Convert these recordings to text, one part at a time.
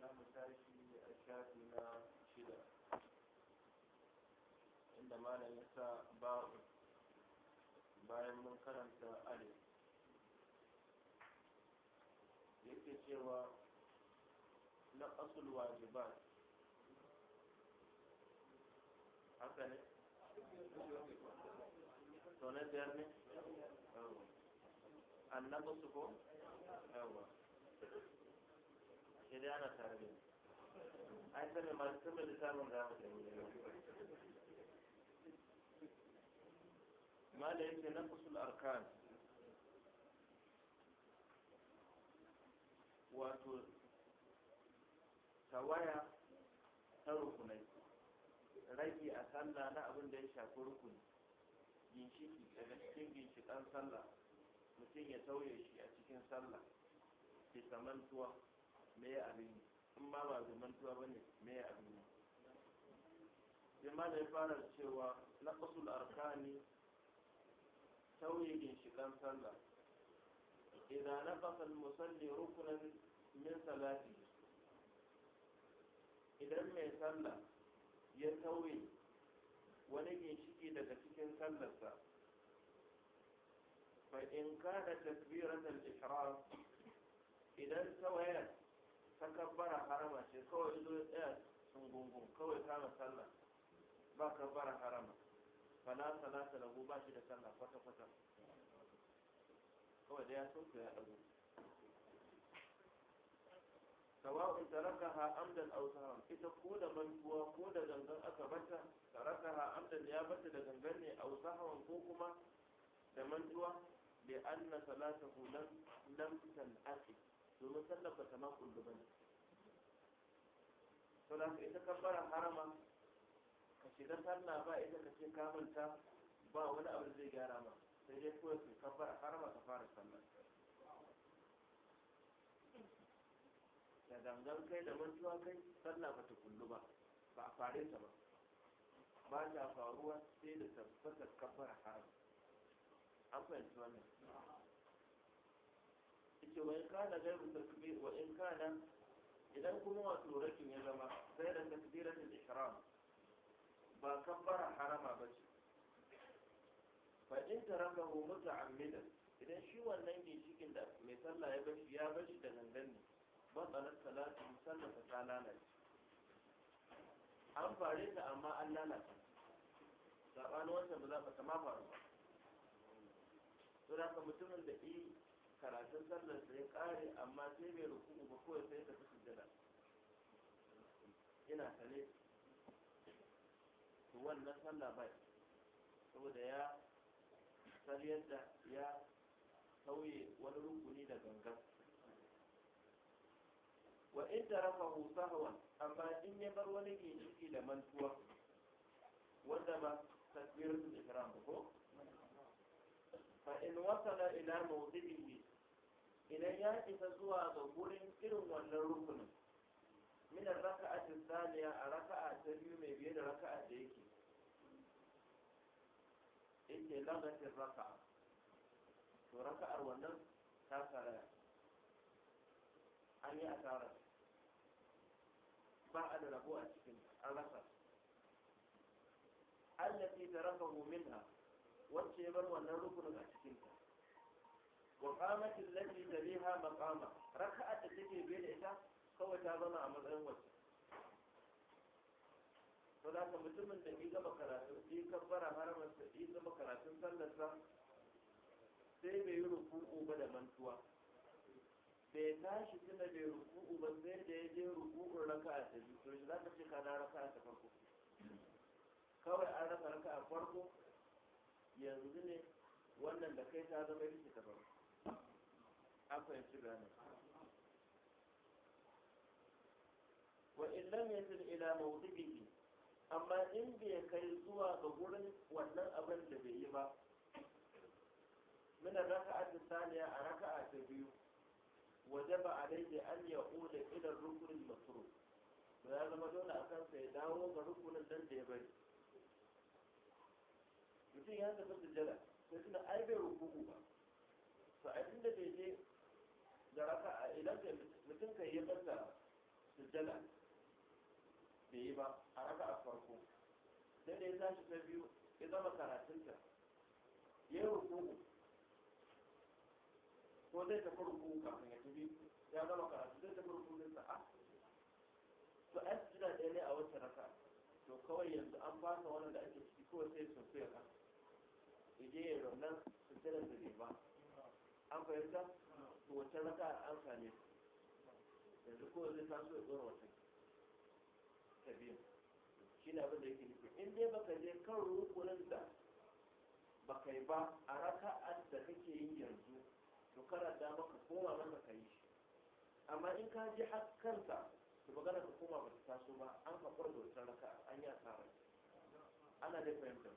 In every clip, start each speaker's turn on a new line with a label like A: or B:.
A: za mu tashi a shafi na shida inda malam ya sa babu bayan mun karanta alif yake cewa na asul wajibat haka ne to na biyar ne annabi su ko sai dai ana tare da ai sai masu sun da samun za mu mala yake na fusul arkan wato tawaya ta rukunai rage a sallah na abin da ya shafi rukuni ginshiki daga cikin ginshikan sallah mutum ya sauye shi a cikin sallah ke samantuwa me ya abin in ba ba zumantuwa ba ne me ya abin sai ma da ya fara cewa na ƙasul arkani tauyin shigan sallah idan na ƙasar musalli rukunan min salati idan mai sallah ya tauye wani ginshiki daga cikin sallarsa fa in kana takbiratul ihram idan tawayar kabbara harama ce kawai ido ya sun gungun kawai kama sallah ba kabbara harama fala salata lagu ba shi da sallah kwata-kwata kawai da ya sauke ya ɗago sawa'un ha amdan aw ita ko da mantuwa ko da gangan aka bata ha amdan ya bata da gangan ne aw ko kuma da mantuwa bi anna salatahu lam lam tanqati domin sallar ba ta ma kullu ba ne to da ka ita kabbara harama ka shiga sallah ba ita ka ce ka manta ba wani abu zai gyara ba sai dai kawai ka kabbara harama ka fara sallah da gangan kai da mantuwa kai sallah ba ta kullu ba ba a fare ta ba ba ta faruwa sai da tabbatar kabbara harama an fahimci wannan ce wa in kana gairu takbir wa in kana idan kuma wato rakin ya zama sai da takbiratul ihram ba kabbara harama ba ce fa in tarakahu muta'ammidan idan shi wannan cikin da mai sallah ya bashi ya bashi da gangan ne ba tsanar salatu sallah ta lalace an fare ta amma an lalace sabanin wancan ba za ka ma faru ba to da ka mutumin da yi karatun sallar sai kare amma sai bai ruku'u ba kawai sai tafi sujjada ina kane to wannan sallah bai saboda ya sariyar da ya sauye wani rukuni da gangan wa in tarafahu sahwan amma in ya bar wani ginshiki da mantuwa wanda ba takbiratul ihram ba ko fa in wasala ila mawdihi idan ya isa zuwa ga gurin irin wannan rukunin minar a tsaliya a a ta biyu mai biyu da raka a da yake yake lagatin raka, to raka a wannan ta karaya an yi asarar ba a da rabo a cikin an rasa allafi ta raka minha wacce ya bar wannan rukunin a cikin wa qamatil lati taliha maqama raka'a da take biye da ita kawai ta zama a matsayin wasu. wacce za da mutumin da ya gama karatu ya kabbara haramarsa ya gama karatun sallarsa sai bai yi ruku'u ba da mantuwa bai tashi tuna bai ruku'u ba sai da ya je ruku'un raka'a ta biyu to shi za ka ce ka na raka'a ta farko kawai an raka a farko yanzu ne wannan da kai ta zama ita ta farko an fahimci wa in lam yasil ila mawdihi amma in bai kai zuwa ga gurin wannan abin da bai yi ba minan raka a saniya a raka'a ta biyu wajaba daidai an yaqula ila ar rukunin al-masruf ba ya zama dole a kansa ya dawo ga rukunin nan da ya bari mutum ya tafi sujjada sai tuna ai bai rukuku ba to a inda bai je da raka a idan mutum kai ya banda sujjada bai yi ba a raka a farko sai da ya tashi ta biyu ya zama karatunta ya yi rukuku ko zai tafi rukuku kafin ya tafi ya zama karatu zai tafi rukuku sa'a to a sujjada ɗaya ne a wacce raka to kawai yanzu an fasa wani da ake ciki kawai sai sun fiye ka ije ya raunar sujjada da ba an fahimta to wacce raka an same su yanzu ko zai taso ya tsora wata ta biyu shi ne abin da yake nufi in dai baka je kan rukunin da baka yi ba a raka'ar da kake yin yanzu to kana da maka koma maka ka yi shi amma in ka je har kansa to magana ka koma ba ta taso ba an ka kwarda wata raka'a an yi asara ana dai fahimtar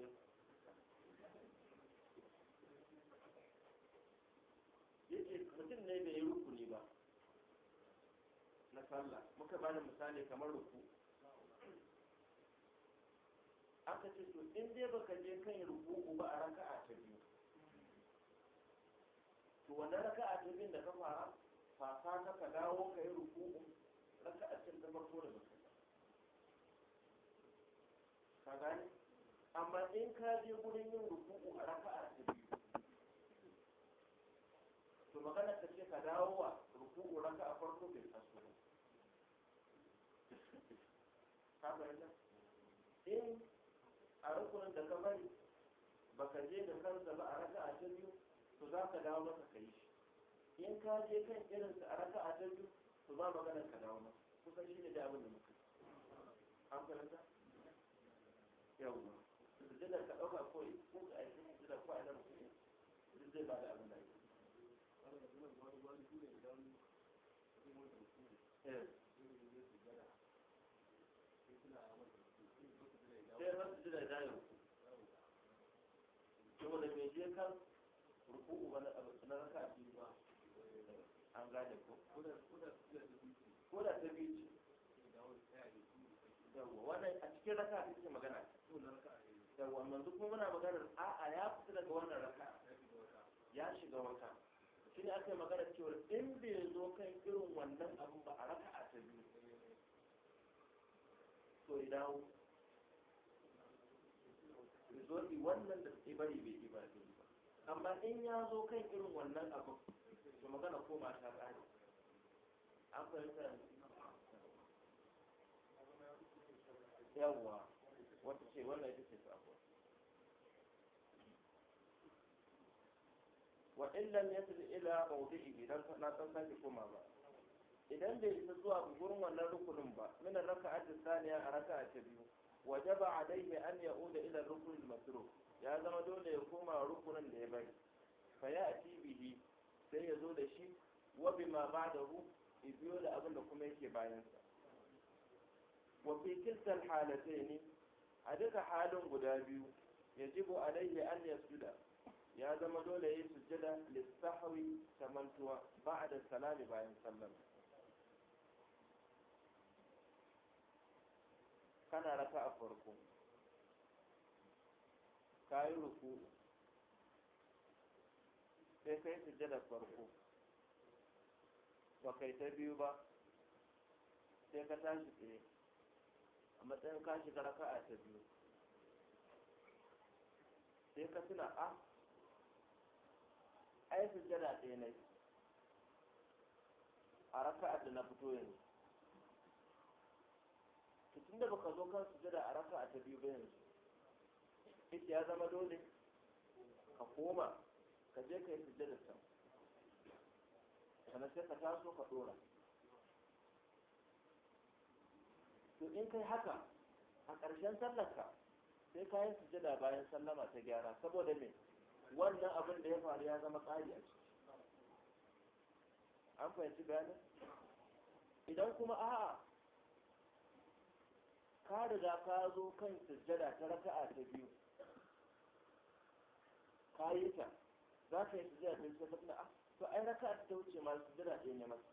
A: yake mutum
B: ne bai
A: yi rukuni ba na sallah muka bani misali kamar ruku aka ce to in dai baka je kan yi ruku ba a raka'a ta biyu to wannan raka'a ta biyu da ka fara fasa ka dawo ka yi ruku raka'a ta farko da baka ka je gurin yin ruku'u a raka'a a biyu to magana ta ce ka dawo wa ruku'u a farko bai taso ba ka bayyana in a rukunin da ka bari ba ka je da kansa ba a raka'a a biyu to za ka dawo masa ka yi shi in ka je kan irinsa a raka'a a biyu to ba magana ka dawo masa kusan shi ne da abin da muka an fahimta yawwa ina ka ɗauka koyi ko ka aiki mutu da kwa zai ba da abin da ake eh. sai rasu jira da yau kuma da mai je kan abu na raka biyu ba an gane ko ko da ta biyu ce wannan a cikin raka yawwa yanzu kuma muna maganar a'a ya fita daga wannan raka ya shiga wata shi aka yi magana cewa in bai zo kan irin wannan abu ba a raka a ta biyu to ya dawo rizoli wannan da suke bari bai yi ba amma in ya zo kan irin wannan abu to magana ko ma ta tsari an fahimta
B: yawwa wata ce wannan
A: ita ce wa ya yasil ila mawdi'i idan na san sake koma ba idan bai isa zuwa gurin wannan rukunin ba min raka'at saniya a raka'a ta biyu wajaba alayhi an ya'uda ila rukun al-masruf ya zama dole ya koma rukunin da ya bari fa ya'ti bihi sai ya zo da shi wa bima ba'dahu ibiyo da abin da kuma yake bayan sa wa fi kilta al-halatayn a duka halin guda biyu ya yajibu alayhi an yasjuda ya zama dole ya yi sujjada lissahawi ta mantuwa ba da salami bayan sallama kana raka a farko ka yi ruku sai ka yi sujjada farko ba kai ta biyu ba sai ka tashi tsaye a matsayin ka shiga raka a ta biyu sai ka tuna a ah, ai sujjada ɗaya na a raka'ar da na fito yanzu tun da baka zo kan sujjada a raka'a ta biyu ba yanzu ita ya zama dole ka koma ka je ka yi sujjada can sannan sai ka taso ka dora to in kai haka a ƙarshen sallarka sai ka yi sujjada bayan sallama ta gyara saboda me wannan abin da ya faru ya zama ƙari a
B: ciki
A: an fahimci bayanin idan kuma a'a ka riga ka zo kan sujjada ta raka'a ta biyu ka yi ta za ka yi sujjada ta biyu ta tafi a ah, to ai raka'a ta wuce ma sujjada ɗaya ne masa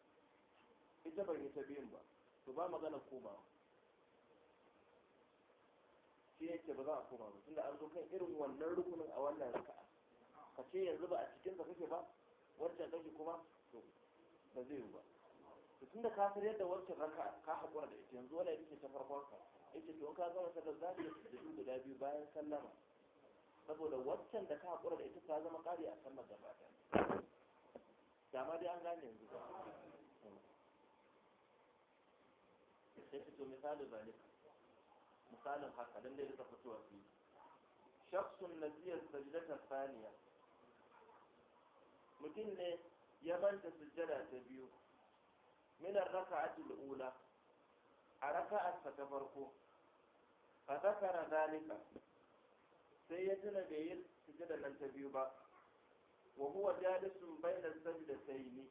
A: ita ban yi ta biyun ba to ba magana komawa shi yake ba za a koma ba tunda an zo kan irin wannan rukunin a wannan raka'a ka ce yanzu ba a cikin ka kake ba wancan kake kuma to ba zai yi ba to tun da ka san yadda wancan raka ka haƙura da ita yanzu wala yake ta farkon ka yace to ka gama sallar za ka yi guda biyu bayan sallama saboda wancan da ka haƙura da ita ta zama ƙari a sallar gaba ɗaya dama dai an gane yanzu ba sai fito misalin zalika misalin haka don dai da fitowa fili shaksun naziyar sajidatar saniya mutum ne ya manta sujjada ta biyu minar raka'atul ula a raka'arsa ta farko fa zakara zalika sai ya tuna bai yi sujjada nan ta biyu ba wa huwa jalisun bainas sajdatayn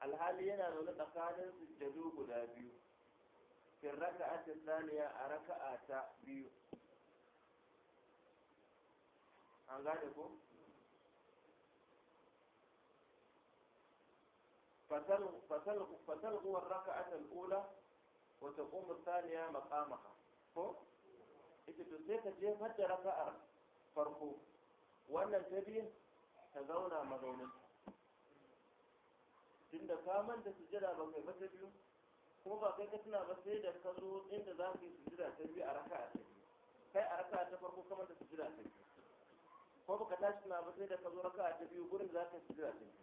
A: alhali yana zaune tsakanin sujjadu guda biyu raka raka'ati thaniya a raka'a ta biyu an gane ko fatalguwa raka'atul ula wa taqumu thaniya maqamaha ko ita to sai jefar da raka'ar farko wannan ta biyu ta zauna mazaunin tunda ka manta ba kai ba ta biyu ba kai ka tuna ba sai da ka zo inda za ka yi sujada ta biyu a raka a biyu kai a raka'a ta farko ka manta sujada ta biyu ko ka tashi tuna ba sai da ka zo raka'a ta biyu gurin da za ka yi sujada ta biyu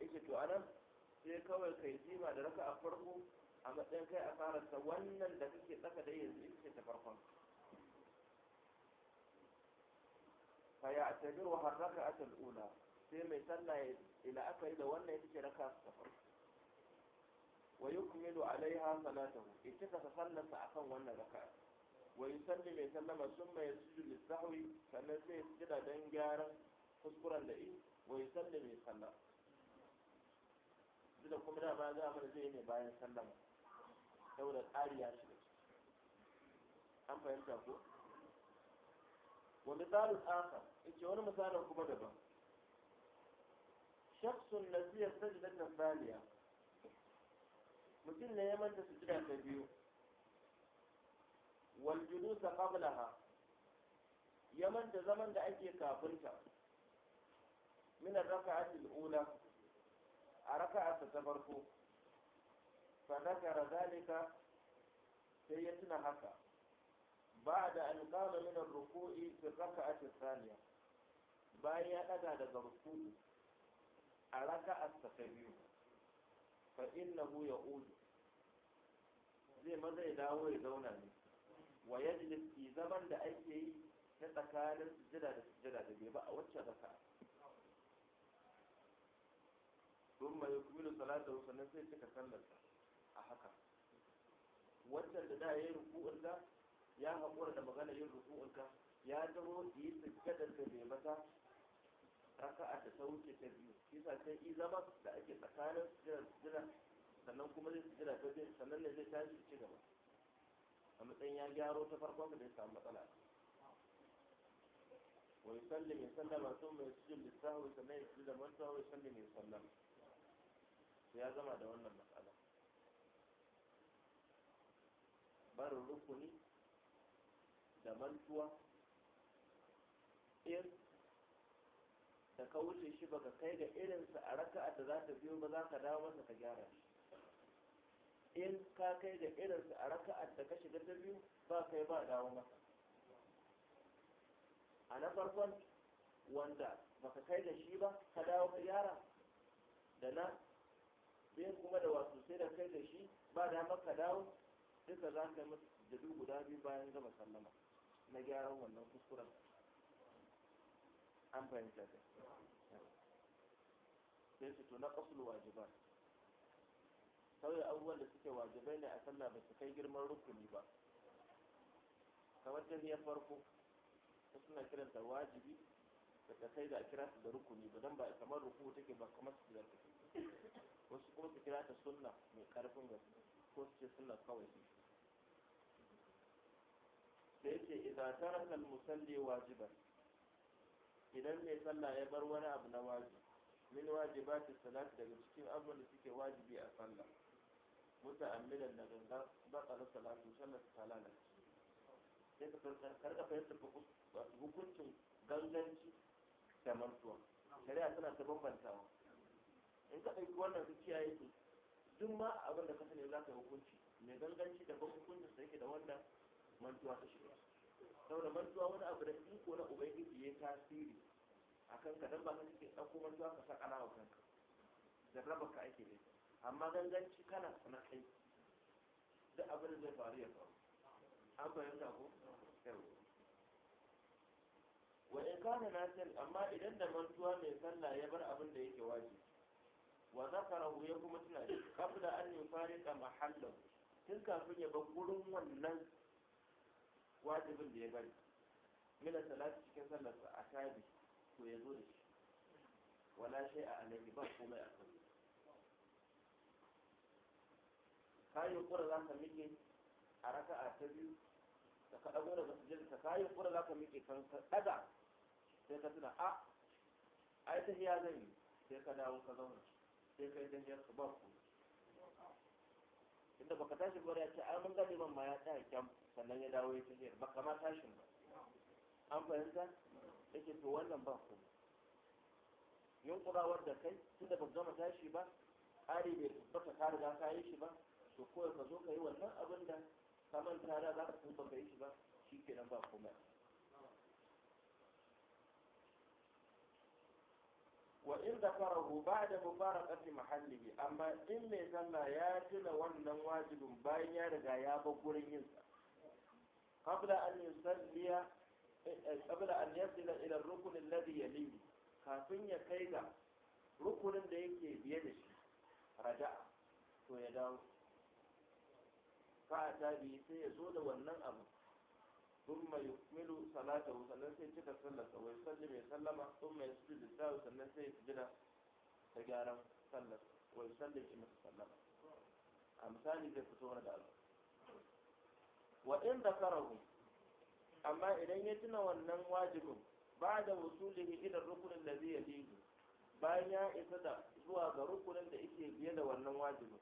A: yake to anan sai kawai kai jima da raka a farko a matsayin kai a fararsa wannan da kake tsaka da yanzu ita ta farkon fa ya tabiru har raka a tal'ula sai mai sallah ila aka yi da wannan ita ce raka ta farko wa yukmilu alaiha salatahu ita ka sallarsa akan wannan raka wa yusalli mai sallama summa yasjudu lisahwi sannan sai ya sujada dan gyaran kuskuren da yi wa yusalli mai sallama da kuma da baya za da zai ne bayan sallama saboda kariya ya da ciki an fahimta ko wani tsari aka ce wani misalin kuma daban shaksun nasiyar da saniya mutum ne ya manta su jira ta biyu wal julusa qablaha ya manta zaman da ake kafinta min ar-raka'ati ula a raka'arsa ta farko fa zakara sai ya tuna haka Ba an qama min ar-ruku'i fi raka'ati thaniya bayan ya daga daga ruku'i a raka'arsa ta biyu fa innahu ya'udu zai maza ya dawo ya zauna ne wa yajlis fi zaman da ake yi ta tsakanin sujada da sujada da bai ba a wacce raka'a sun mai kumilu salata sannan sai cika sallarsa a haka wancan da da ya yi ruku'unta ya hakura da magana yin ka ya zama yi sujjadar da mai mata raka'a da ta wuce ta biyu kisa sai i zama da ake tsakanin sujjadar sujjada sannan kuma zai sujjada ta biyu sannan ne zai tashi ci gaba a matsayin ya gyaro ta farkon da ya samu matsala ويسلم يسلم ثم يسجد للسهو ثم يسجد للمنتهى ويسلم يسلم ya gama da wannan matsala barin rukuni da mantuwa ɗin da ka wuce shi baka kai ga irinsa a raka'a da za ta biyo ba za ka dawo masa ka gyara shi in ka kai ga irinsa a raka'ar da ka shiga ta biyu ba kai ba dawo masa a na farkon wanda baka kai da shi ba ka dawo ka gyara da na sai kuma da wasu sai da kai da shi ba da maka dawo duka za ka yi da duk guda biyu bayan gama sallama na gyaran wannan kuskuren an fahimta ta sai su tuna ƙasul wajiba sauya abubuwan da suke wajibai ne a sallah ba su kai girman rukuni ba kamar ta tahiyar farko ta suna kiranta wajibi da ta kai da a kira da rukuni ba don ba kamar ruku take ba kamar su da wasu kuma su kira ta sunna mai karfin gaske ko su ce sunna kawai su da yake idan taraka musalli wajiban idan mai sallah ya bar wani abu na wajibi min wajibati salat daga cikin abin da suke wajibi a sallah muta'ammilan na ganga ba tsara salatu sallar ta lalace sai ka karka fahimta hukuncin ganganci da mantuwa shari'a tana ta bambantawa in ka ɗauki wannan su kiyaye su, duk ma abin da ka sani za ka hukunci mai ganganci da ban hukuncin sa yake da wannan mantuwa ta shiga saboda mantuwa wani abu da iko na ubangiji ya tasiri a kan ka, don ba ka cikin ɗauko mantuwa ka saka nawa kanka raba ka ake ne amma ganganci kana na kai duk abin da zai faru ya faru an fahimta ko Yau. wa in kana na amma idan da mantuwa mai sallah ya bar abin da yake wajibi wa zakarahu ya kuma tuna shi kabla an yufarika mahallahu tun kafin ya bar gurin wannan wajibin da ya bari mila salati cikin sallarsa a tabi to ya zo da shi wala sai a alaihi ba komai a kan kayan kura za ka miƙe a raka ta biyu da ka ɗago daga sujjada ka kayan kura za ka miƙe kan ka ɗaga sai ka tuna a ah, ai ta hiya zan yi sai ka dawo ka zauna sai kai dan yanka ba ku inda baka tashi gore ya ce ai mun gade man ma ya tsaya kyam sannan ya dawo ya tafi baka kama tashin ba an fahimta yake to wannan ba ku yunkurawar da kai tunda ba gama tashi ba ƙari bai tabbata ka riga ka yi shi ba to kawai ka zo ka yi wannan abin da ka manta da za ka tuba ka yi shi ba shi ke kenan ba komai wa in zakarahu fara mufaraqati mahallihi amma in mai sallah ya tuna wannan wajibin bayan ya riga ya bar gurin yin sa qabla an yusalliya eh, qabla an yasila ila ar alladhi kafin ya kai ga rukunin da yake biye da shi raja'a to ya dawo fa tabi sai ya zo da wannan abin. ثم يكمل صلاته sannan sai cika sallarsa wai salli mai sallama thumma yasjudu lissahu sannan sai sujada ta gyaran sallar wai sallama amma idan ya tuna wannan wajibin ba da wasulihi ila rukunin da zai yalihi bayan ya isa da zuwa ga rukunin da yake biye da wannan wajibin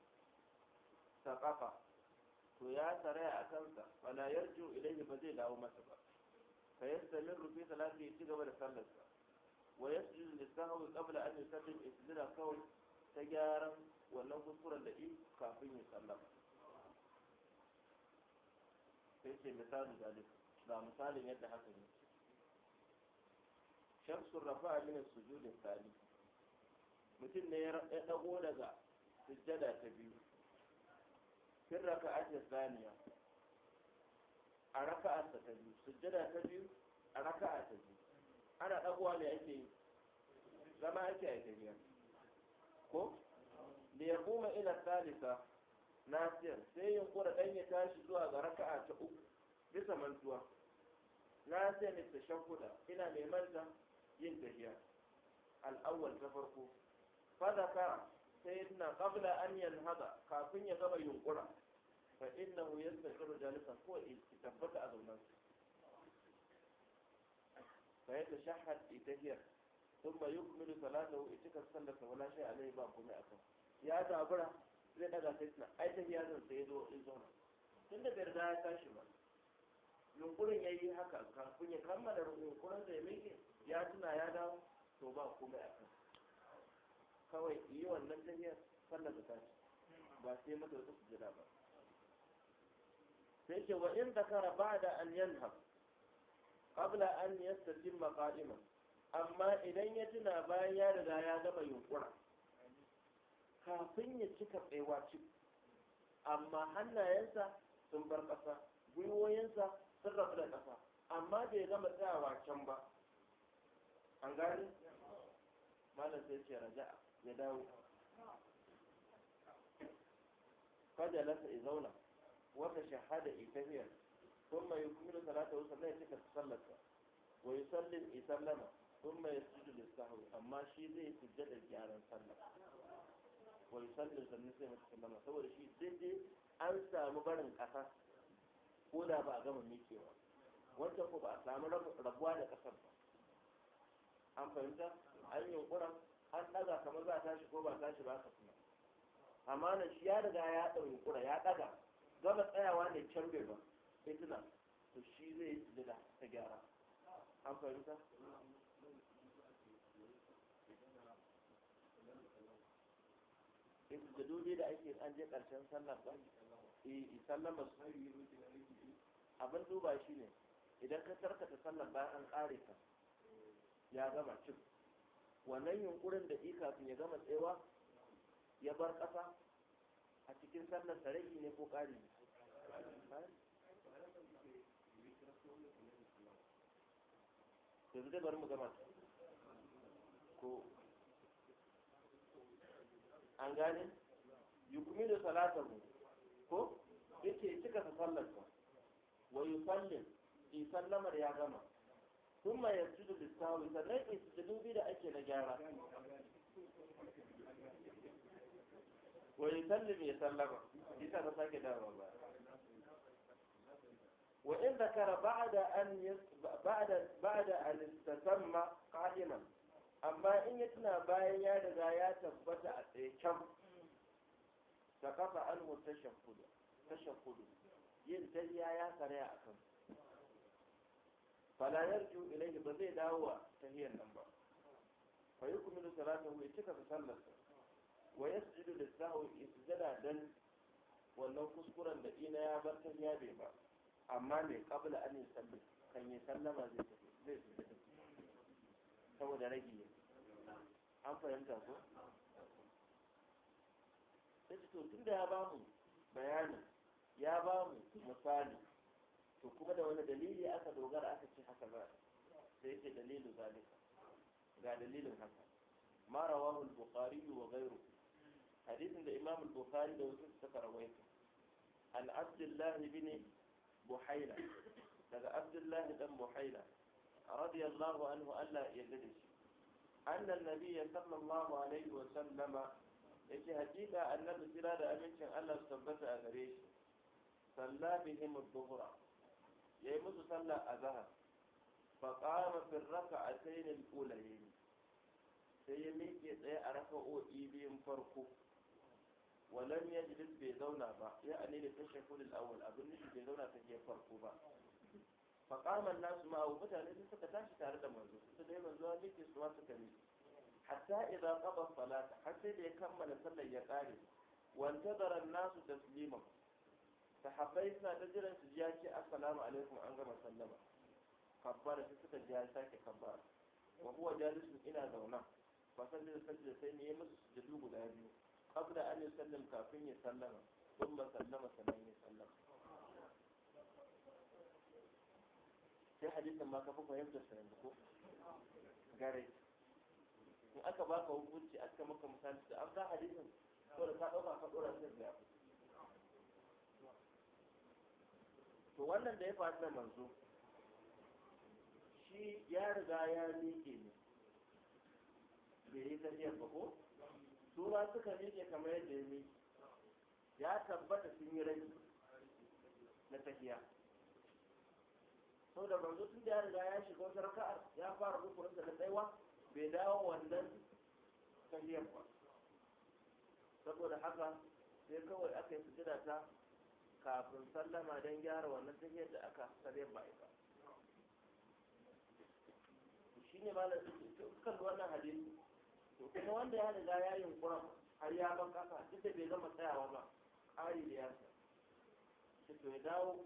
A: saqafa to ya tsaraya a kansa fala yarju ilayhi ba zai dawo masa ba fa yastamiru fi salati ya ci gaba da sallarsa wa yasjudu lisahwi qabla an yusallim isdira kawai ta gyaran wannan kuskuren da in kafin ya sallama sai ce misali dalil ba misalin yadda haka ne shamsun rafa'a min sujudin tsali mutum ne ya dago daga sujjada ta biyu fin raka ajiyar saniya a raka'a ta biyu sujjada ta biyu a raka'a ta biyu ana ɗagowa ne ake yi zama ake a tafiya ko da ya kuma ila salisa nasiyar sai yin kura ɗan ya tashi zuwa ga raka'a ta uku bisa mantuwa nasiyar ne ta shakuda ina mai manta yin tafiya al'awwal ta farko fadaka sai na qabla an yanhada kafin ya gama yunkura fa innahu yastaqiru jalisa ko in tabbata a zaunan fa yatashahhad itahiyar thumma yukmilu salatahu itika sallata wala shay alayhi ba kuma akan ya dabura zai daga sai tana ai zan sai zo in zauna tunda da riga ya tashi ba yunkurin ya yi haka kafin ya kammala yunkurin da ya miƙe ya tuna ya dawo to ba komai a kawai yi wannan tahiyar sallar da tashi ba sai mata wata sujjada ba sai ke wa in zakara da an yanha qabla an yastajimma qa'iman amma idan ya tuna bayan ya riga ya gama yunkura kafin ya cika tsaiwa ci amma hannayensa sun bar ƙasa gwiwoyinsa sun rabu da ƙasa amma bai gama tsayawa can ba an gani malam sai ce raja'a ya dawo kada lasa ya zauna wata shahada itahiyar kuma mai kumilu salata wasu na ya cika sallarsa wa yi sallin sallama sun mai sujo da sahu amma shi zai sujo da gyaran sallar wa yi sallin sannin sai mai sallama saboda shi daidai an samu barin ƙasa ko da ba a gama mikewa wanda ko ba a samu rabuwa da ƙasar ba an fahimta an yi an daga kamar za a tashi ko ba tashi ba ka tuna amma nan shi ya riga ya ɗauki kura ya daga gaba tsayawa ne can bai ba sai tuna to shi zai yi sujada ta gyara an fahimta in da ne da ake an je ƙarshen sallar ba eh, eh sallar ba su abin duba shi ne idan ka tarkata sallar bayan an ƙare ka ya gama cin wannan yunkurin da shi kafin ya gama tsewa ya bar ƙasa a cikin sallar sarari ne ko ƙari yanzu zai bari mu gama ko an gane yukumi da salatahu ko yake cika sa sallar wa sallin i sallamar ya gama sun ma yanzu da lissawi sannan istidin bi da ake na gyara wa yi sallim ya sallama isa ta sake dawa ba wa in zakara ba'da an ba'da ba'da an amma in ya tuna bayan ya riga ya tabbata a tsaye can ta kafa yin ya tsare a fala yarju ilayhi ba zai dawo wa tahiyar nan ba fa yukmilu salatahu ya cika da wa yasjudu lisahu isjada dan wannan kuskuren da ina ya bar tahiya bai ba amma mai kabla an yi sallah kan yi sallama zai zai saboda rage an fahimta ko sai to tunda ya ba mu bayanin ya ba mu misali to kuma da wani dalili aka dogara aka ce haka ba? sai yake dalilu zalika ga dalilin haka ma rawahu al-bukhari wa ghayru hadisin da imam al-bukhari da wasu suka rawaita an abdullah ibn buhaila daga abdullah dan buhaila radiyallahu anhu Allah ya yarda shi anna an-nabiy sallallahu alaihi wa sallama yace hakika annabi sira da amincin Allah su tabbata a gare shi salla bihim ad-dhuhra ya yi musu sallar a zahar faƙama fi raka a tainin ƙulaye sai ya miƙe tsaye a raka o'i biyun farko walam ya jidis bai zauna ba ya a ne da tashar kulil awal abin da bai zauna ta biyar farko ba faƙaman nasu abu mutane sun suka tashi tare da manzo su dai manzo a miƙe su ma suka miƙe hatta idan ƙabar salata har sai da ya kammala sallar ya ƙare wanta zaran nasu tasliman sahabbai suna da jiran su ji ya ce assalamu alaikum an gama sallama kabbara sai suka ji ya sake kabbara wa huwa jalisun ina zauna fa da alaihi da sai ne musu sujudu guda biyu qabla an yusallim kafin ya sallama thumma sallama sannan ya sallama sai hadisin ma ka fi fahimtar sa yanzu ko gare in aka baka hukunci aka maka misali da an ga hadisin ko da ka dauka ka dora sai da ya fi to wannan da ya faru da manzo shi ya riga ya miƙe ne ya yi tafiyar ba ko su ba suka miƙe kamar yadda ya miƙe ya tabbata sun yi rai na tafiya sau da manzo tun da ya riga ya shiga wata raka'ar ya fara rukunin da tsaiwa bai dawo wannan tafiyar ba saboda haka sai kawai aka yi sujada ta kafin sallama don gyara wannan tafiyar da aka sarayar ba ita shi ne malar dukkan wannan hadisi to kuma wanda ya riga ya yunkura har ya ban kasa duk da bai zama tsayawa ba ƙari da yasa shi to ya dawo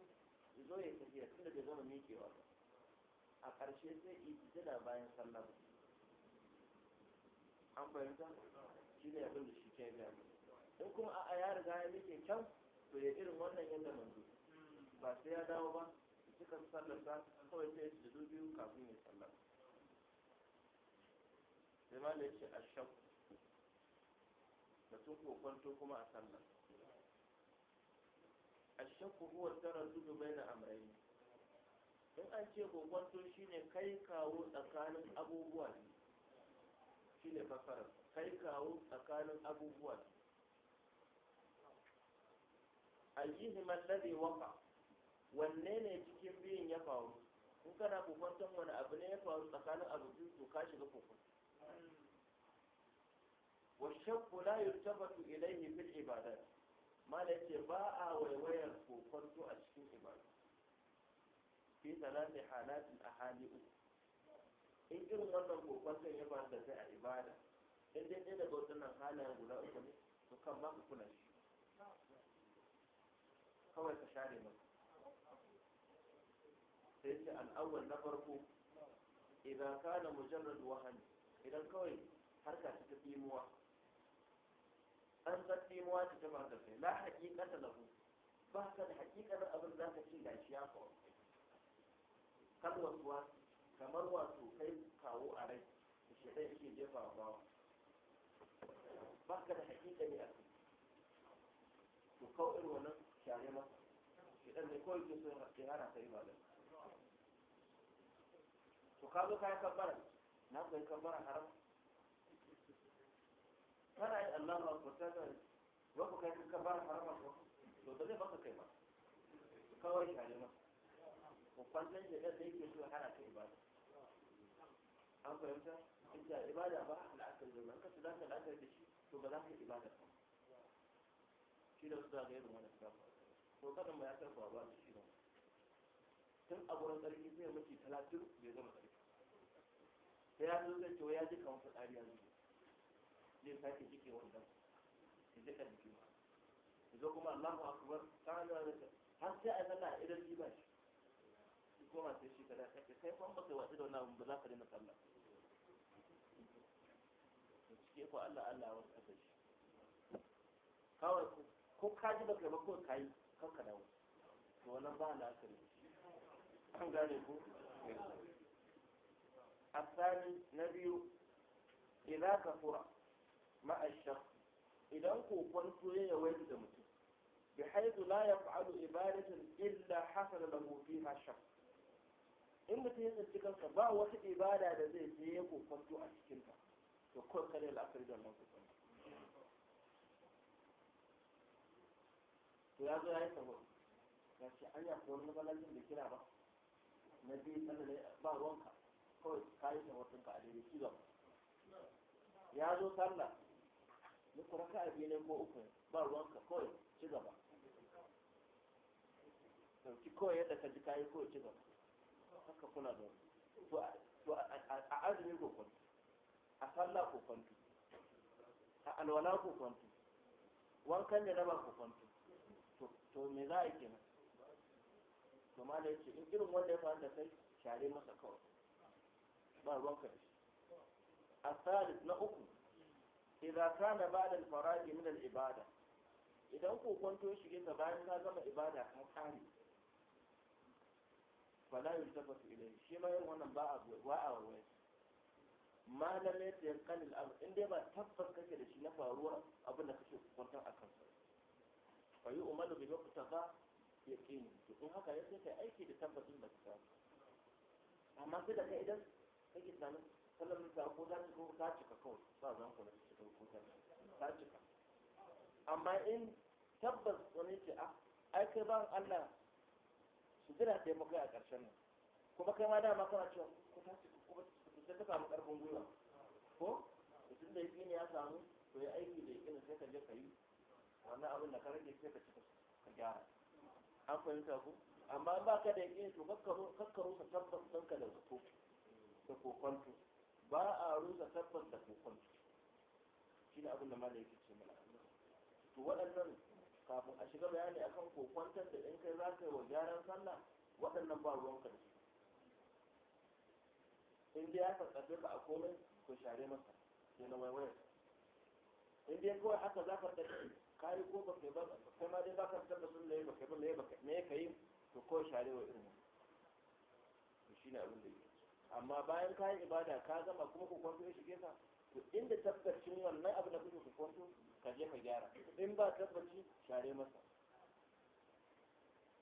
A: ya zo ya tafiya tun da bai zama miƙewa ba a ƙarshe sai ijjida bayan sallama an fahimta shi ne abin da shi ke gani in kuma a ya riga ya miƙe kyau to ya irin wannan yadda manzo ba sai ya dawo ba suka sallarsa kawai sai ya sujudu biyu kafin ya sallar sai ma da yake ashab da tun kokwanto kuma a sallar A ko huwa tara zubi bai na amrai in an ce kokwanto ne kai kawo tsakanin abubuwa ne shine kai kawo tsakanin abubuwa ne ayyuhu man ladhi waqa wanne ne cikin biyun ya faru in kana kokon wani abu ne ya faru tsakanin abu biyu to ka shiga kokon wa shakku la yurtabatu ilayhi bil ibadat ma la yace ba a waiwayar kokon to a cikin ibada fi salati halat al ahali in irin wannan kokon sai ya faru da sai a ibada in dai da wannan halayen guda uku ne to kan ma ku kula shi kawai ka share masu sai ce al'awwal na farko idan kana mujarrad wahani idan kawai harka ta tsimuwa an san tsimuwa ta ba ta sai la na lahu ba ka da haqiqatar abin da ka ce gashi ya kawo kan wasuwa kamar wasu kai kawo a rai da shaidai yake jefa bawa ba ka da haƙiƙa ne a kai to kawai wannan shane masa idan ne kawai so malam to ka zo kabbara na kabbara haram kana yi Allah ba ku ta da ba ku kai kabbara haram ba to da zai baka kai ba kawai shane ko kwallon da yadda yake so ya hana kai ba. an fahimta inda ibada ba la'akari da manka su za ka la'akari da shi to ba za ka ibada ba shi da su za ga irin wani ba. Ko kada ba ya karfa ba da shi ba tun a gurin tsarki sai ya mace talatin bai zama tsarki sai ya zo zai cewa ya ji kamar fitsari ya zuwa zai sake jike wannan ya jika jiki ba ya zo kuma allahu akbar ta hanyar da har sai a sallah idan ji ba shi Ya koma sai shi kada kai Sai kuma ba kai wata da wannan ba za ka daina sallah to cike ku Allah Allah ya wasa da kawai ko ka ji ba kai ba ko kai kanka dawo to wannan ba na an gane ku بحيث لا يفعل illa إلا حصل له فيها شك إن mutum ya tsinci kansa ba wata ibada da zai je ya a cikinta to kare la'akari da wannan kokon to ya zo ya yi sabo ya ce an ya kowar mabalajin da kira ba na biyu tsalle ba ruwanka kawai ka yi sabotinka a daidai cizon ya zo sallah ni kuma ka biyu ne ko uku ba ruwanka kawai ci gaba ɗauki kawai yadda ka ji kayi kawai ci gaba haka kula da to a azumi ko kwantu a sallah ko kwantu a alwala ko kwantu wankan da raba ko kwantu to me za a kenan to ma da yace in irin wanda ya faru da kai share masa kawai ba ruwan ka na uku, نأكل إذا ba da الفراغ من ibada. idan ku kwanto ke ta bayan ka gama ibada ka kare fala yultafatu ilayhi shi ma yin wannan ba a ba a warwaye ma lam yatayaqqan al-amr in dai ba tabbas kake da shi na faruwa abin da kake kwantar akan sa fa yi umaru bi ya kini to in haka ya sai kai aiki da tabbacin da ka amma sai da kai idan kake tunanin sallan ta ko za ki ko ta cika kawai ba zan kula da cikin ko ta cika amma in tabbas wani ce a ah, ai kai ban Allah su jira sai mu kai a ƙarshen nan kuma kai ma dama kana cewa ko ta cika ko ba ta cika ka samu ƙarfin gwiwa ko idan da yake ne ya samu to ya aiki da yake sai ka je ka yi wannan abin da ka rage sai ka ci ka gyara an fahimta ku amma ba ka da yakin to kakka rusa tabbas ka da zato da kokonto ba a rusa tabbas da kokonto shi ne abin da mala yake ce mana to waɗannan kafin a shiga bayani akan kokwantar da in kai za ka yi wa gyaran sallah waɗannan ba ruwanka da su in dai ya tsatsafe ka a komai ko share masa sai na waiwayar in dai kawai haka za ka tsatsafe ka yi ko ba kai ba kai ma dai baka ka da sun da ya ba kai ba me ba me ka yi to ko share wa irin to shine abin da yake amma bayan kai ibada ka gama kuma ko kwanto ya shige ka to inda tabbacin wannan abu da kuke ku kwanto ka je ka gyara in ba tabbaci share masa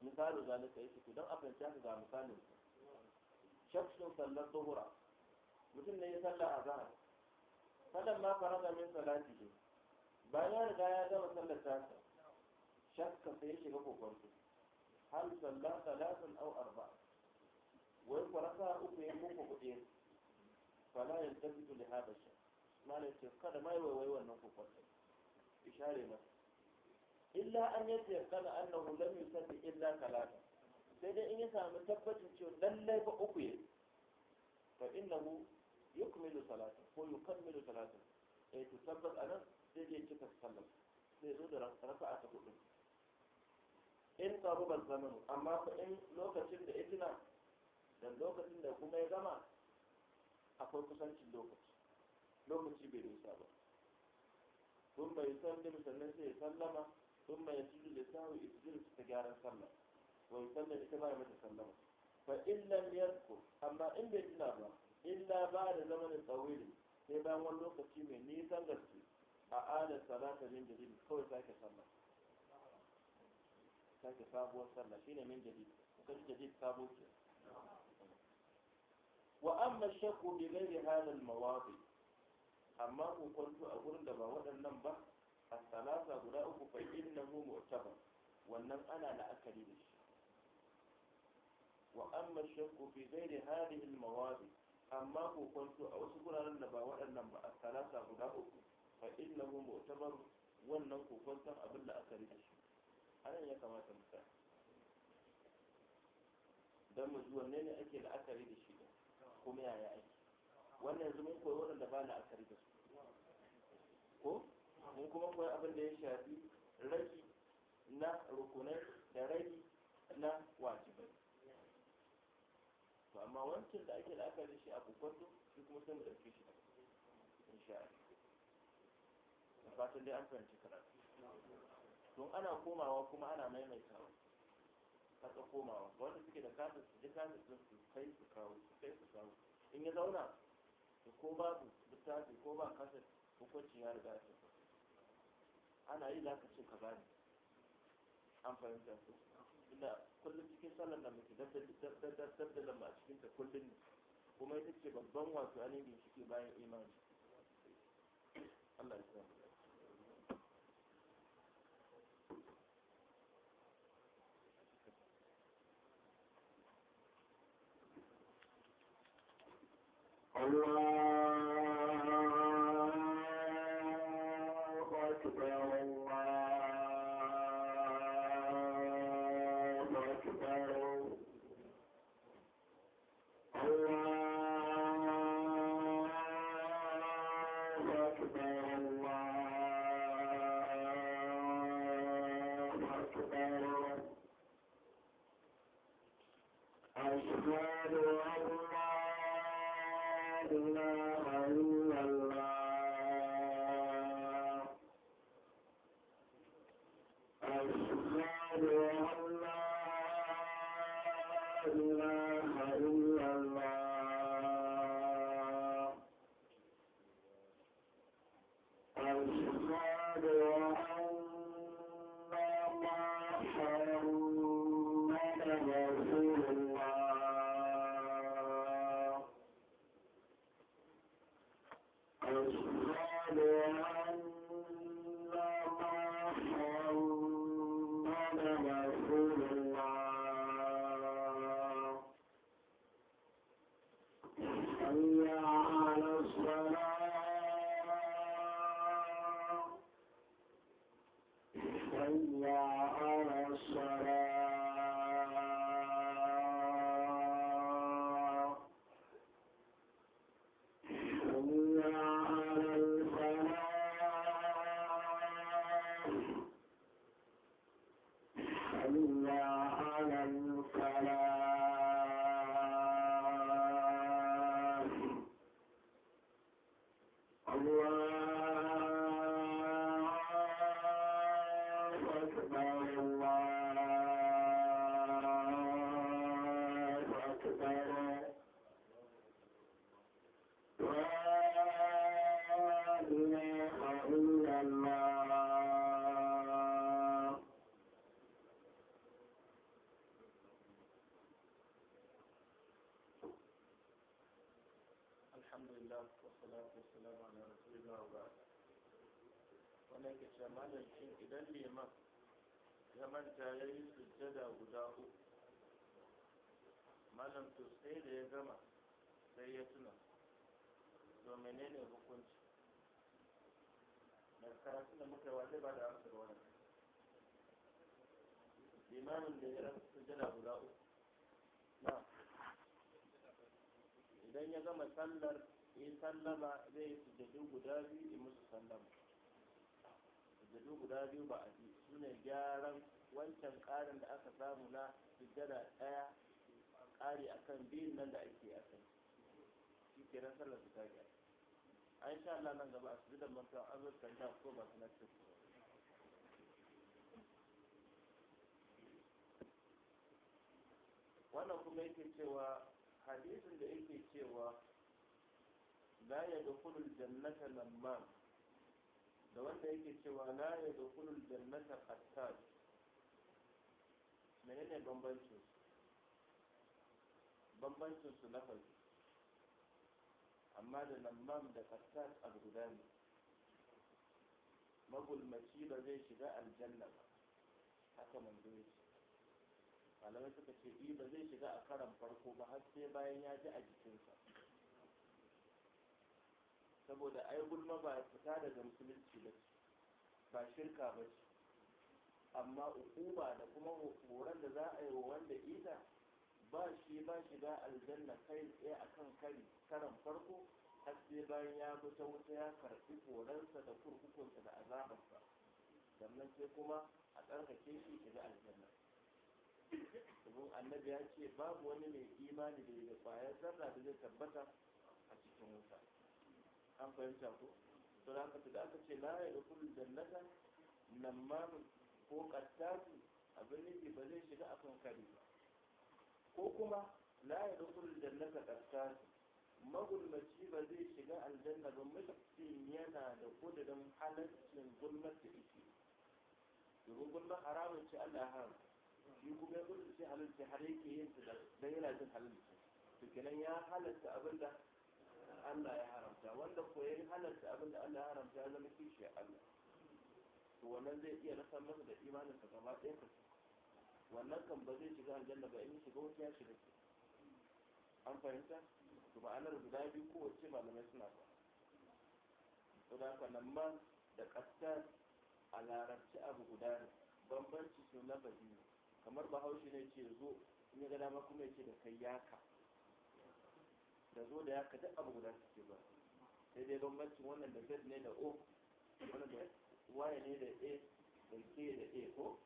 A: misalu zalika yake to dan a fahimci haka ga misali shakhsun sallar zuhura mutum ne ya sallar azhar ma faraga min ne. bayan ya riga ya gama sallar tasa shakka sai ya shiga kokonto hal sallah talatin au arba wai kwaraka uku ya koko kuɗi fala ya tafi tuli habasha malai ce kada mai waiwai wannan kokonto ishare masa illa an yi ta tayyakana annahu lam yusalli illa talata sai dai in ya samu tabbacin cewa lallai ba uku ya fa innahu yukmilu salata ko yukammilu salata eh to tabbas anan sai dai cika sallar zai zo da raka'a ta hudu in ban zaman amma fa in lokacin da itina da lokacin da kuma ya gama akwai kusancin lokaci lokaci bai nisa ba sun bai sallim sannan sai ya sallama sun bai cikin lissahu isjil ta gyaran sallah wai sallar ita ba mata sallama fa illan yarku amma in bai tuna ba illa ba da zamanin tsawili sai bayan wani lokaci mai nisan gaske a adar salata min jadid kawai sake sallah sake sabuwar sallah shine min jadid kaji jadid sabo ke wa amma shakku bi gairi hadha mawadi amma ku a gurin da ba waɗannan ba a salasa guda uku fa innahu mu'tabar wannan ana la'akari da shi wa amma shakku bi gairi hadhihi mawadi amma ku a wasu guraren da ba waɗannan ba a salasa guda uku fa mu'tabar wannan kokon abin da aka rike shi anan ya kamata mu tsaya dan mu ji wanne ne ake da aka da shi kuma yaya ake wannan yanzu mun koyi waɗanda ba aka da su ko mun kuma koyi abin da ya shafi ragi na rukunai da ragi na wajibai to amma wancan da ake la'akari da shi a kokon shi kuma sai mu ɗauke shi insha Allah fatan dai an fahimci karatu don ana komawa kuma ana maimaitawa kasa komawa wanda suke da kasa su ji kasa su kai su kawo su kai su kawo in ya zauna ko ko su littafi ko ba kasa hukuncin ya riga ta ana yi za ka ce ka bani an fahimta su inda kullum cikin sallar da muke dabba ma a cikin ta kullum ne kuma ita ce babban wato ainihin bincike bayan imani Allah ya samu الله karatun da muka wa ba da amsar wannan limamin da ya rasu sujada guda uku na idan ya gama sallar in sallama zai yi sujadu guda biyu in musu sallama Su sujadu guda biyu ba a ji su ne gyaran wancan ƙarin da aka samu na sujada ɗaya ƙari akan biyun nan da ake yi a akan shi kenan sallar su ta gyara a sha Allah nan gaba a su da mata azurkan da ko ba su na ce wannan kuma yake cewa hadisin da yake cewa la ya dukulul jannata lamman da wanda yake cewa la ya dukulul jannata qattan menene bambancin su bambancin su na farko amma da namman da kasas abu guda ne magulmaci ba zai shiga aljanna ba haka manzo malamai suka ce yi eh, ba zai shiga a karan farko ba har sai bayan ya ji a jikinsa saboda ai gulma ba fita daga musulunci ba ba shirka ba ce amma ukuba da kuma horon da za a yi wa wanda ita ba shi ba shi shiga aljanna kai tsaye a kan kari karan farko har sai bayan ya bi ta wuta ya karɓi koransa da kurkukunsa da azabarsa sannan sai kuma a tsarkake shi shiga aljanna domin annabi ya ce babu wani mai imani da da kwayar zarra da zai tabbata a cikin wuta an fahimta ko to da aka da aka ce la ya dukul jannata nan ma ko kattatu abin nufi ba zai shiga a ko kuma la ya dukul jannata kaskar magulmaci ba zai shiga aljanna ba mutum yana da kudurin halaccin gulmar da yake domin gulmar haramun ce Allah haram shi kuma ya kudu ce halalci har yake yin ta da yana jin halalci to ya halatta abin da Allah ya haramta wanda ko ya halatta abin da Allah ya haramta ya zama kishiyar Allah to wannan zai iya rasa masa da imanin imaninsa gaba ɗaya wannan kan ba zai shiga aljanna ba in shiga wata ya shiga ke an fahimta to ma'anar guda biyu kowace malamai suna ba to da haka nan ma da kasta a larabci abu guda ne bambanci su na ne. kamar bahaushe ne ce zo in ya ga dama kuma ya ce da kai yaka da zo da yaka duk abu guda suke ba sai dai bambancin wannan da zai ne da o wannan da waye ne da a da k da a ko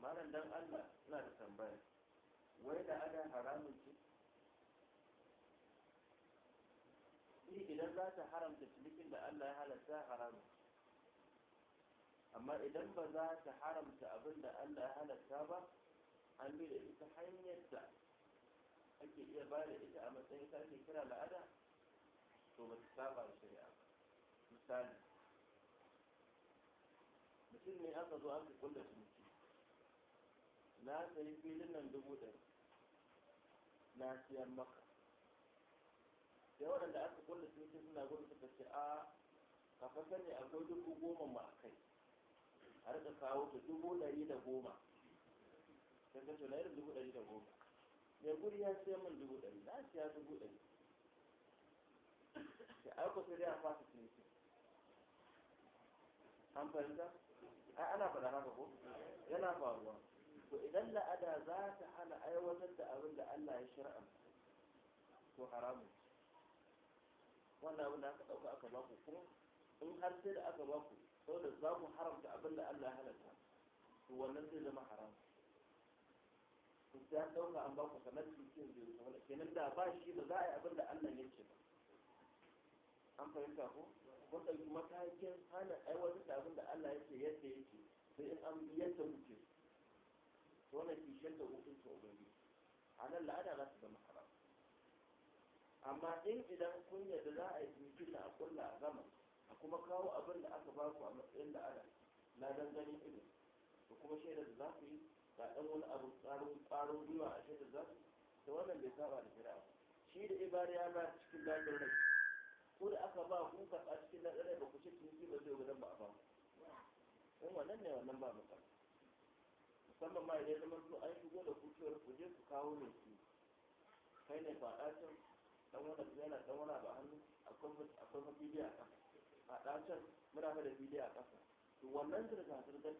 A: malam dan Allah ina da tambaya wai da ada haramun ce ni idan za ta haramta cinikin da Allah ya halatta haramun amma idan ba za ta haramta abin da Allah ya halatta ba an bi da ita hanyar da ake iya ba da ita a matsayin sake kira la'ada to ba ta saba da shari'a misali mutum ne aka zo an fi kulla cinikin na sayi filin nan dubu ɗari na siyan maka sai waɗanda aka kulle sun ce suna gudu suka ce a ka fasa ne akwai dubu goma ma a kai a rika kawo ta dubu ɗari da goma sai ka ce na irin dubu ɗari da goma mai guri ya siya min dubu ɗari na siya dubu ɗari sai aiko sai dai a fasa ciniki an fahimta ai ana faɗa haka ko yana faruwa to idan la'ada za ta hana aiwatar da abin da Allah ya shir'a to haramun wannan abin da aka ɗauka aka baku kuma in har sai da aka baku saboda za ku haramta abin da Allah ya halatta to wannan zai zama haram kun sai an ɗauka an baku kamar da cikin zai zama kenan da ba shi ba za a yi abin da Allah ya ce ba an fahimta ko kun ɗauki matakin hana aiwatar da abin da Allah ya ce yadda yake sai in an yadda muke to wannan kishiyar da hukuncin ubangiji a nan la'ada za su zama haram amma in idan kun yadda za a yi tuntun a kulla a gama a kuma kawo abin da aka ba ku a matsayin da ana. na dangane ido da kuma shaidar da za ku yi ga ɗan wani abu tsarin ƙwarin gwiwa a shaidar za su da wannan bai saba da shari'a shi da ibari ya ba cikin lafiyar rai ko da aka ba ku tsaya cikin lafiyar rai ba ku ce tuntun ba zai gudan ba a ba in wannan ne wannan ba matsala musamman ma idan zama su an shigo da kuciyar ku je ku kawo mai su kai ne faɗa can dan wani yana dan wani abu hannu akwai mafi bidiyo a ƙasa faɗa can muna fa da bidiyo a ƙasa to wannan zirga zirgar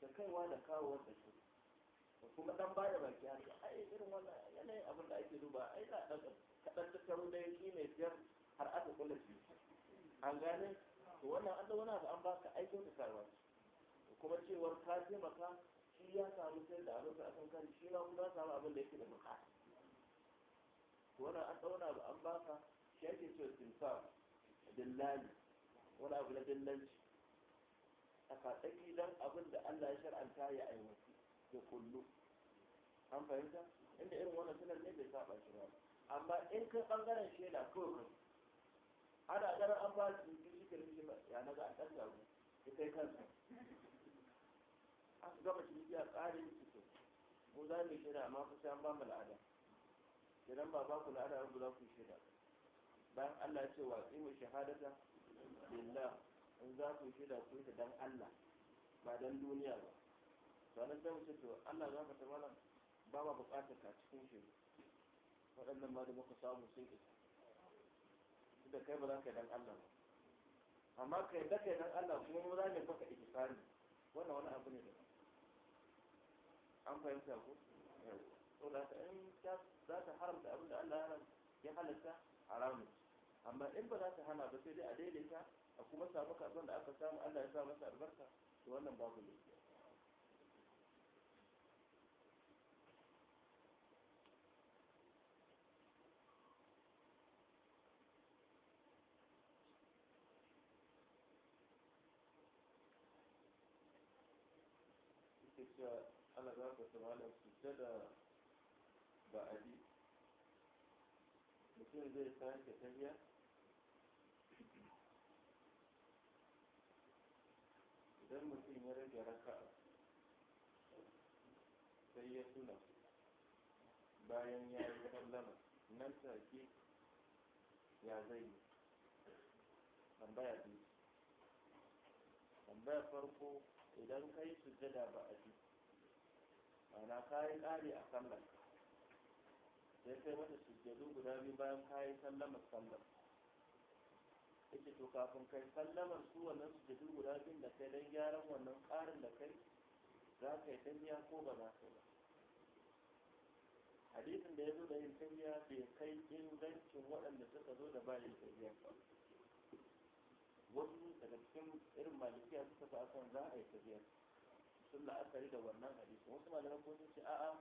A: da kaiwa da kawo wanda shi da kuma dan bada baki a ga ai irin wannan yanayin abin da ake duba ai za a ɗan kaɗan taru da yake mai biyar har aka kula shi an gane to wannan an da wani abu an baka aikin ka karwa kuma cewar ka taimaka shi ya samu sai da abin sa akan kan shi ma kuma samu abin da yake da bukata wannan an dauna ba an baka shi ake cewa simfa dillali wani abu na dillanci a katsaki don abin da Allah ya shar'anta ya aiwatu ya kullu an fahimta inda irin wannan sanar ne bai saba shi ba amma in kai bangaren shaida kawai ana ganin an ba su shi shi ya na ga an ɗan garu ya kai kansa aka gama ciniki a tsarin cikin mu za mu shida amma kusa an ba mu la'ada idan ba ba ku la'ada ba za ku shiga. bayan Allah ya ce wa tsimu shahadata lillah in za ku shida ku ta dan Allah ba dan duniya ba nan sai mu ce to Allah za ka tabbata ba ba bukatar ka cikin shi waɗannan ma da muka samu sun isa da kai ba za ka yi dan Allah ba amma kai da kai dan Allah kuma mu za ne baka ikisani wannan wani abu ne da an fahimta ko to da ta in za ta haramta abin da Allah ya halatta haramun amma in ba za ta hana ba sai dai a daidaita a kuma samu karban da aka samu Allah ya sa masa albarka to wannan babu ne Yeah. uh, ana za ka tsammanin sujjada ba a bi mutum zai sake tafiya idan mutum ya rage raka, sai ya suna bayan ya yi sallama nan take ya zai yi tambaya biyu tambaya farko idan ka yi sujjada ba a bi da kayi ƙari a sallar sai kai wata sujjadu guda biyu bayan kayi sallamar sallar ita to kafin kai sallamar su wannan sujjadu guda biyu da kai don gyaran wannan ƙarin da kai za ka yi tanya ko ba za ka yi ba hadisin da ya zo da yin tanya bai kai ingancin waɗanda suka zo da ba yin tafiya wasu daga cikin irin malikiya suka fi akan za a yi tafiya sun la'akari da wannan hadisi wasu malaman ko sun ce a'a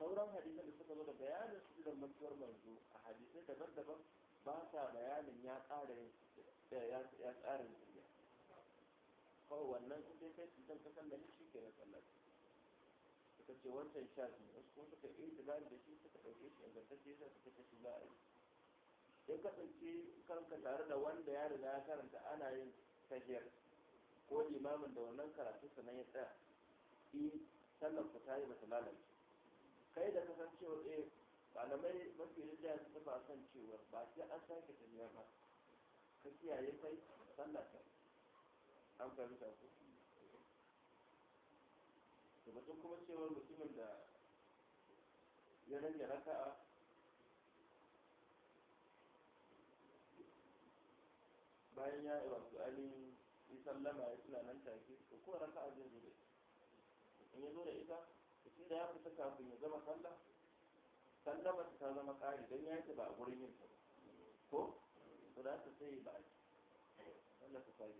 A: sauran hadisan da suka zo da bayanin su da mantuwar manzo a hadisai daban-daban ba sa bayanin ya tsara ya tsara jiya kawai wannan sun dai kai cutar kasan da shi ke na tsallaci suka ce wancan sha ne wasu kuma suka yi tilari da shi suka ɗauke shi ingantacce sai suka ce shi ba a yi ya kasance kanka tare da wanda ya riga ya karanta ana yin tahiyar ko limamin da wannan karatu sannan ya tsaya yi sallar ku ta yi ba ta lalace kai da kasancewa eh malamai mafi rinjaya su tafa san cewa ba sai an sake tafiya ba ka kiyaye kai sallah ta an fahimta ku da batun kuma cewar mutumin da ya rage raka'a bayan ya wato ainihin yi sallama ya suna nan take ko kuma raka'a zai zai ya zo da ita tun da ya fita kafin ya zama sallah sallama ta zama ƙari don ya ce ba a gurin yin ta ko su da ta sai ba a sallah ta sai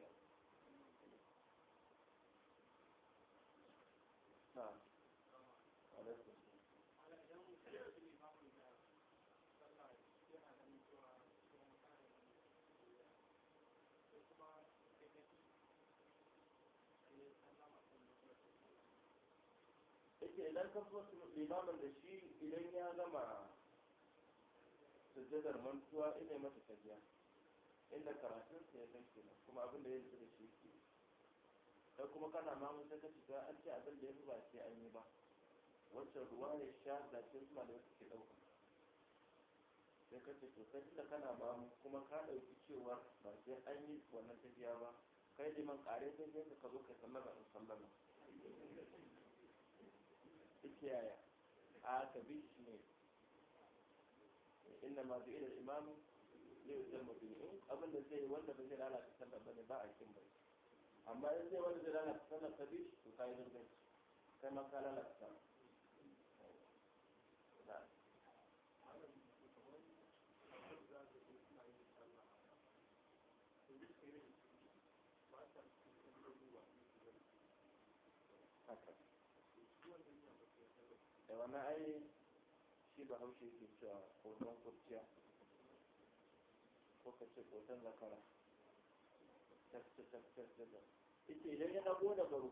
A: ce idan ka so limamin da shi idan ya gama sujjadar mantuwa ina mata tafiya inda karatun sa ya san kenan kuma abin da ya yi da shi ke kai kuma kana mamu sai ka shiga an ce abin da ya fi ba sai an yi ba wacce ruwa ya sha zafi suna da wasu ke ɗauka sai ka ce to kai tunda kana mamu kuma ka ɗauki cewa ba sai an yi wannan tafiya ba kai liman ƙare sai ka zo ka sallama in sallama kiyaya a ka bi shi ne inda ma zuwa imamu zai yi zama biyu abin da zai wanda ba zai lalata sallar ba ne ba a cikin bai amma in zai wanda zai lalata sallar ka bi shi to ka yi zargar kai ma ka lalata sallar Thank you. da wannan ai shi ba haushe ke cewa hoton kurciya ko ka ce zakara tafta ita idan can kawai sai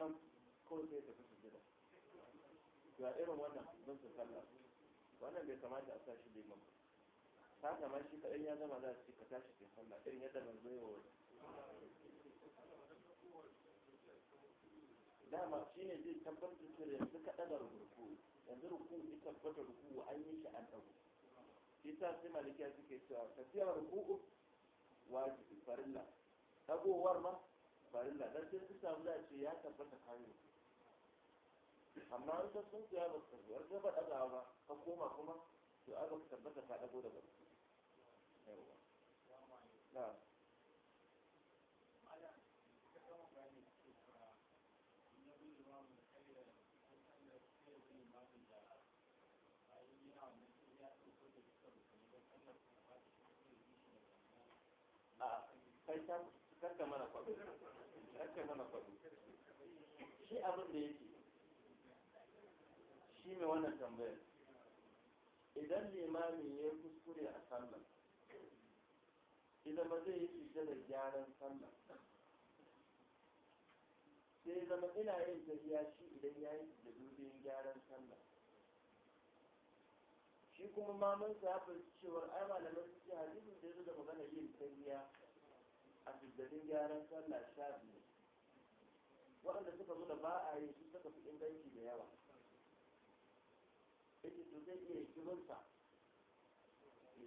A: tafi su gida ga irin wannan zan su wannan bai a sashi ta kaɗan ya zama za su ce ka tashi ke dama shi ne zai tabbata cewa yanzu ka ɗaga ruku yanzu ruku ya tabbata ruku an yi shi an ɗago shi ta sai malikiya suke cewa tafiya ruku wajibi farilla ɗagowar ma farilla don sai su samu za a ce ya tabbata kayan amma in ka sun ya su tafi wani ba ɗaga ba ka koma kuma to aka tabbata ka ɗago daga ruku. karka mana kwaɗo karka mana kwaɗo shi abin da yake shi mai wannan tambayar idan limamin ya kuskure a sallah idan ba zai yi cuta da gyaran sallah sai zama ina yin tafiya shi idan ya yi da dubin gyaran sallah shi kuma mamansa ya fahimci cewar ai malamai su ce hadisin da ya zo da magana yin tafiya a fiddadin gyaran sallah sha biyu waɗanda suka nuna ba a yi su suka fi inganci da yawa yake to zai iya kirinsa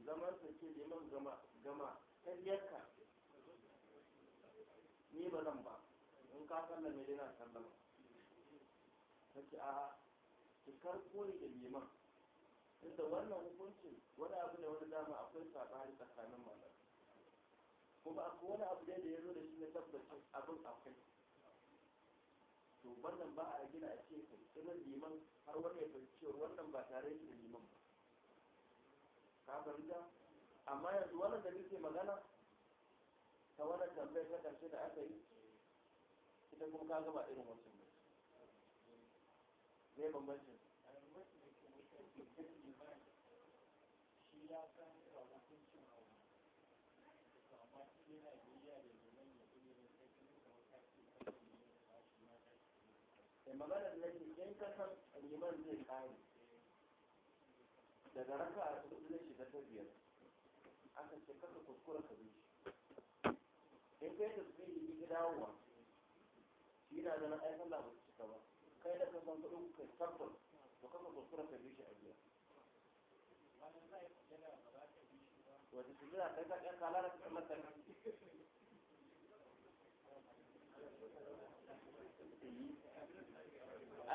A: zamansa ce liman gama gama talliyarka ni ba zan ba in ka sallah mai dina sallama ta ce a cikar koyi da liman inda wannan hukuncin wani abu ne wani dama akwai sabari tsakanin malamai kuma akwai wani abu da ya zo da shi na tabbacin abin akwai to wannan ba a gina a ce kai liman har wani ya fahimci wannan ba tare da liman ba ka fahimta amma yanzu wannan da kake magana ta wannan tambayar ta karshe da aka yi ita kuma ka gama irin wancan ba ne bambancin shi ya san maganar nan in ka san liman zai kare daga raka a kudu zai shiga ta biyar aka ce kaka kuskura ka bi shi in kai tasbihi ki ga dawowa shi na ganin aikin labar ba su cika ba kai da kasan san kudu kai tabbas to kaka kuskura ka bi shi a biyar wata sujjada kai ka ƙyar kala da kamar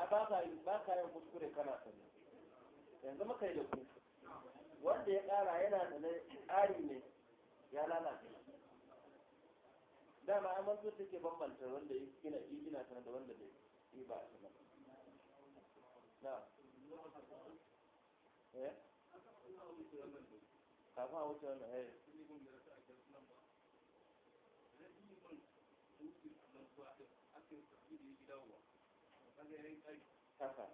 A: ba ka yi ba ka yin kuskure kana sani yanzu muka yi da ku wanda ya kara yana da na tsari ne ya lalata dama a manzo take bambanta wanda ya gina gina sana da wanda bai yi ba a sana na eh kafin a wuce wannan eh haka haka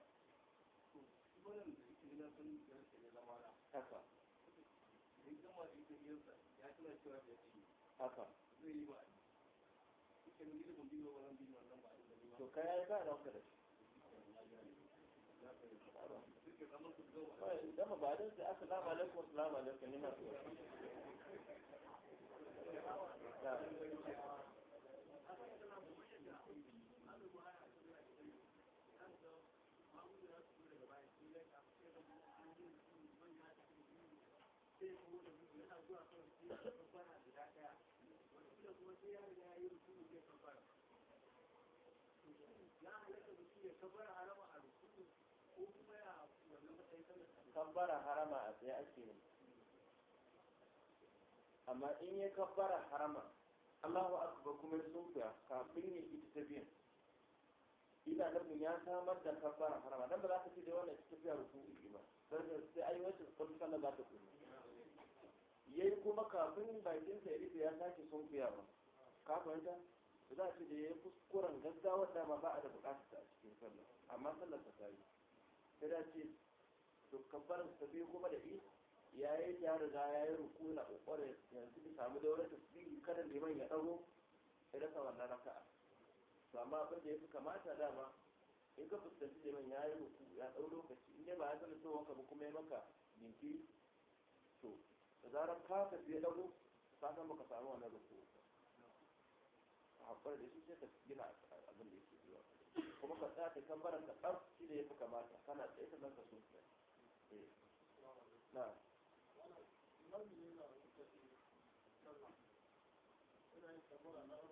A: haka to ba da shi dama ba aka lama wasu assalamu alaikum ne masu kabbara harama a tsaye ake yi amma in ya kabbara harama Allahu akbar kuma sunkuya kafin ya ita ta biyan ina nufin ya samar da kabbara harama dan ba za ka ce da wani ita ta tafiya ruku'i ba sai sai ai wacce kun sallah za ta kuma yayi kuma kafin bakin sa ya rufe ya sake sunkuya ba ka za su da ya yi kuskuren gaggawar dama ba a da bukatar a cikin sallah amma sallar ta tari. ta yi sai da ce to kabbarin ta biyu kuma da i ya yi ya riga ya yi ruku na kokarin yanzu ki samu da wani tasbihi kada liman ya dago ya rasa wannan raka'a to amma abin da ya fi kamata dama in ka fuskanci liman ya yi ruku ya dau lokaci in dai ba ya sanar cewa ka ba kuma ya maka jinkiri to da zarar ka tafi ya dago ka san baka samu wannan ruku ka da shi sai ka gina abin da yake zuwa kuma ka tsaya ta baran ka ɗan shi da ya fi kamata kana tsaye ka so eh. ka na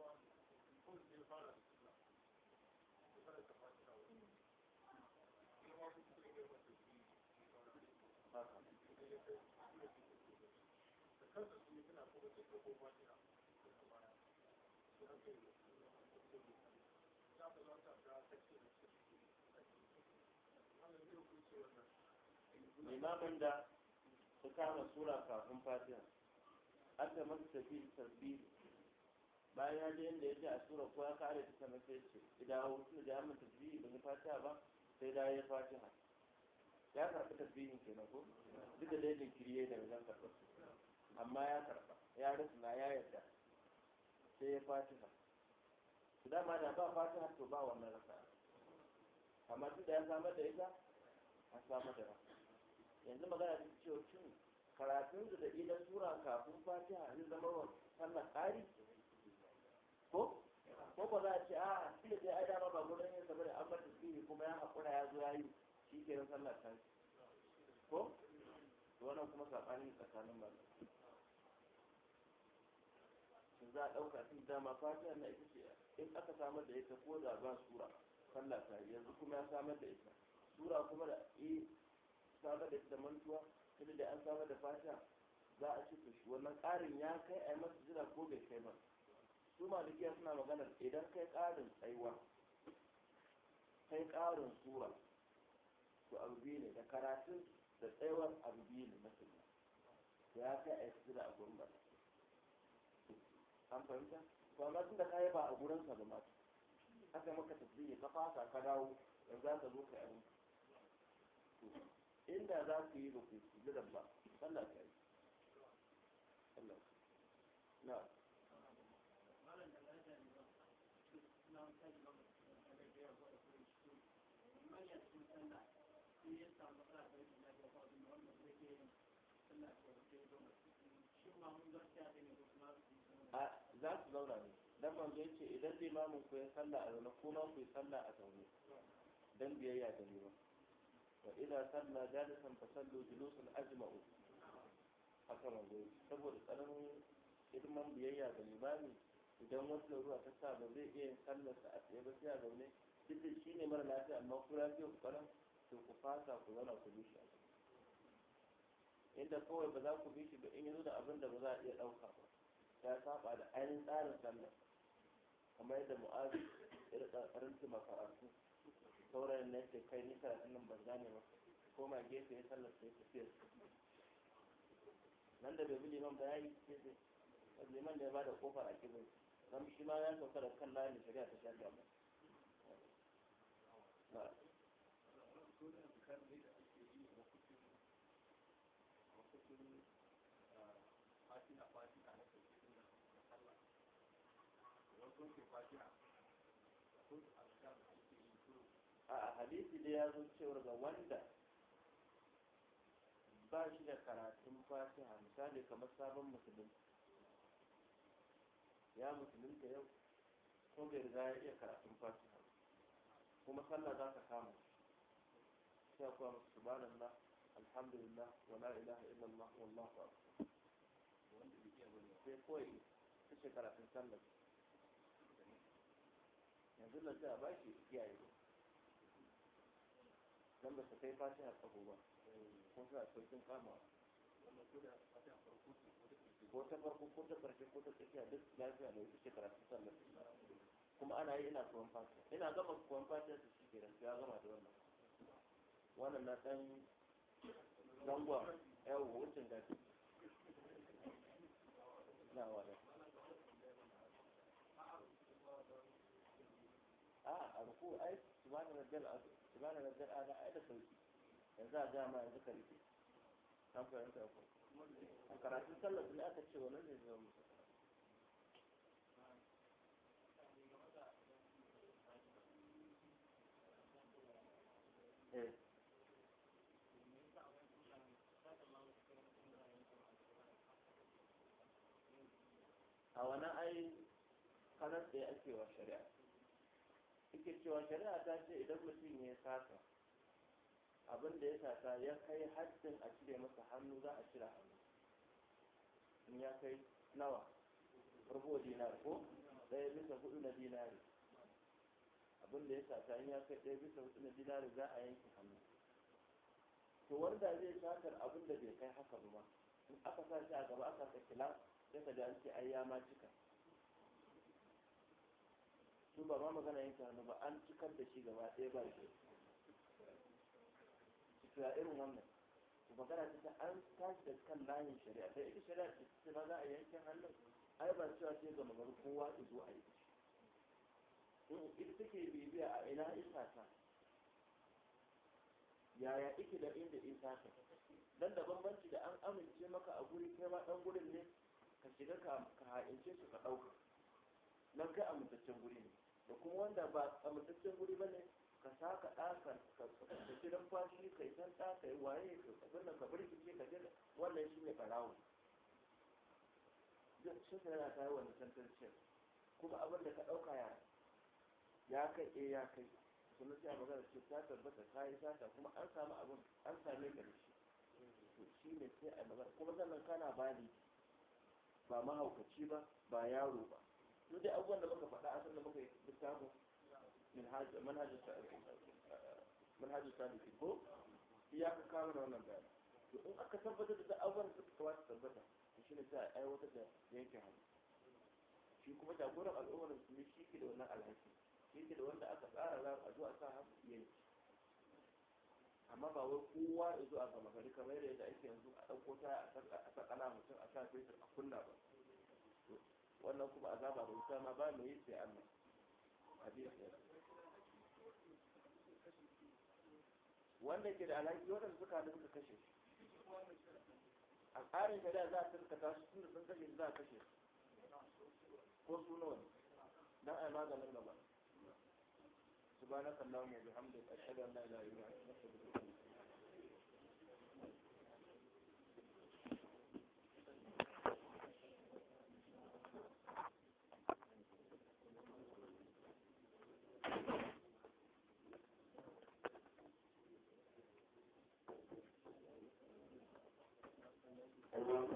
A: limamin da su kama sura kafin fatiha aka masu tafi tasbihi bayan ya ji yadda ya je a sura ko ya kare ta sama sai ce idan su da tafi ba ban fatiha ba sai da ya fatiha ya karɓi tasbihin kenan ko duk da dai kiriye da da zan su amma ya karɓa ya rasu na ya yarda sai ya fatiha dama da ba fatiha to ba wannan raka amma duk da ya samar da ita a samar da raka yanzu magana ta cewa cin karatun da idan sura kafin fatiha zai zama wa sallar ƙari ko ko ba za a ce a shi da ai dama ba gurin yin saboda an bar tasiri kuma ya haƙura ya zo ya yi shi ke sallar ƙari ko wannan kuma saɓanin tsakanin ba za a ɗauka cikin dama fatiha na ita ce in aka samar da ita ko da ba sura sallah ta yanzu kuma ya samar da ita sura kuma da e samar da ita mantuwa tunda da an samar da fatiha za a ce shi wannan ƙarin ya kai a yi masa jira ko bai kai ba su malikiya suna maganar idan kai ƙarin tsayuwa kai ƙarin sura to abu biyu ne da karatun da tsaiwar abu biyu ne masu ya kai a yi jira a gumbata an fahimta to amma tun da ka yaba a gurin sa ba ma aka maka tafiye ka fasa ka dawo yanzu za ka zo ka yi inda za ku yi da gidan ba sallah ta yi sallah na a za su zauna ne dan manzo ya ce idan limamin ku ya sallah a zaune ko ku yi sallah a zaune dan biyayya da liman wa ila salla jalisan fa sallu julusan ajma'u haka manzo saboda tsananin hidiman biyayya da limami idan wata ruwa ta sa ba zai iya yin sallarsa a tsaye ba sai a zaune duk shi ne mara lafiya amma ku lafiya ku karan to ku fasa ku zauna ku bishi a inda kawai ba za ku bishi ba in zo da abin da ba za a iya ɗauka ba ya saba da ainihin tsarin sallah kamar yadda mu'azu rintu makarantu saurayin na yake kai nisa da sunan ban gane ba koma gefe ya sallar sai tafiyar nan da bai liman ba ya yi sai liman da ya bada kofar a kibin zan shi ma ya sauka da kan layin da shari'a ta shari'a ba a hadisi da ya zo cewar ga wanda ba shi da karatun fatiha misali kamar sabon musulun ya musulun da yau ko bai riga ya iya karatun fatiha kuma sallah za ka kama sai kuwa musu na alhamdulillah wa la ilaha illallah wallahu akbar sai kawai ta karatun sallah musulman sai a ba shi kiyaye don ba su kai fatiha tsaho ba ko suna saukin kamawa ko ta farko ko ta ƙarshe ko ta tsakiya duk lafiya ne wuce shekara su sallar kuma ana yi ina kuwan fatiha ina gama kuwan fatiha su shi kenan ya gama da wannan wannan na ɗan zangon yawon wucin gaji na wadanda a ruku ai subhana rabbiyal azim subhana rabbiyal ala ai da sauki yanzu a gama yanzu ka rike ko a karatun sallar ne aka ce wannan ne zama musu eh a wani ai kanar da ya ake wa shari'a yake cewa shari'a ta ce idan mutum ya sata abin da ya sata ya kai haddin a cire masa hannu za a cire hannu in ya kai nawa rubo dinar ko ɗaya bisa hudu na dinari abin da ya sata in ya kai ɗaya bisa hudu na dinari za a yanke hannu to wanda zai satar abin da bai kai haka ba in aka sa shi a gaba aka kakila sai ka ji an ce ai ya ma cika Tun ba ma magana yin hannu ba an cikar da shi gaba ɗaya ba shi ya irin wannan su magana ta an tashi da kan layin shari'a sai ita shari'a ta ce ba za a yanke hannun ai ba cewa sai ga magana kowa ta zo a yi ita take bibiya a ina isa ta yaya ike da inda isa ta dan da bambanci da an amince maka a guri kai ma dan gurin ne ka shiga ka ha'ince su ka ɗauka nan kai amintaccen guri ne da kuma wanda ba a mutaccen guri ba ne ka sa ka ɗaka ka ci kwashi ka yi san ɗaka yi waye ka abin nan ka birkice ka je wannan shi ne ɓarawo shi ne yana tayi wani tantanciyar kuma abin da ka ɗauka ya ya kai eh ya kai sannan sai a magana ce ta tabbata ta yi sata kuma an samu abin an same ka da shi shi ne sai a magana kuma sannan kana bali ba mahaukaci ba ba yaro ba duk dai abubuwan da muka faɗa a da muka yi littafin manhajar manhajar sadiki ko ya ka kama da wannan bayan to in aka tabbatar da abubuwan da suka kawata tabbata to shi ne za a aiwatar da yankin hannu shi kuma jagoran al'ummar musulmi shi ke da wannan alhaki shi ke da wanda aka tsara za a zo a sa hannu yanki amma ba wai kowa ya zo a gama gari kamar yadda ake yanzu a ɗauko ta a ƙana mutum a sa fetur a kunna ba wannan kuma azaba da wuta ma ba mai yi sai Allah hadisi
B: wanda ke da alhaki
A: wadanda suka da suka kashe shi a tsarin shari'a za a ta su tunda sun kashe za a kashe
B: ko su nawa ne dan a yi
A: maganin gaba allahumma wa bihamdika ashhadu an la ilaha illa anta astaghfiruka wa atubu ilayk
C: and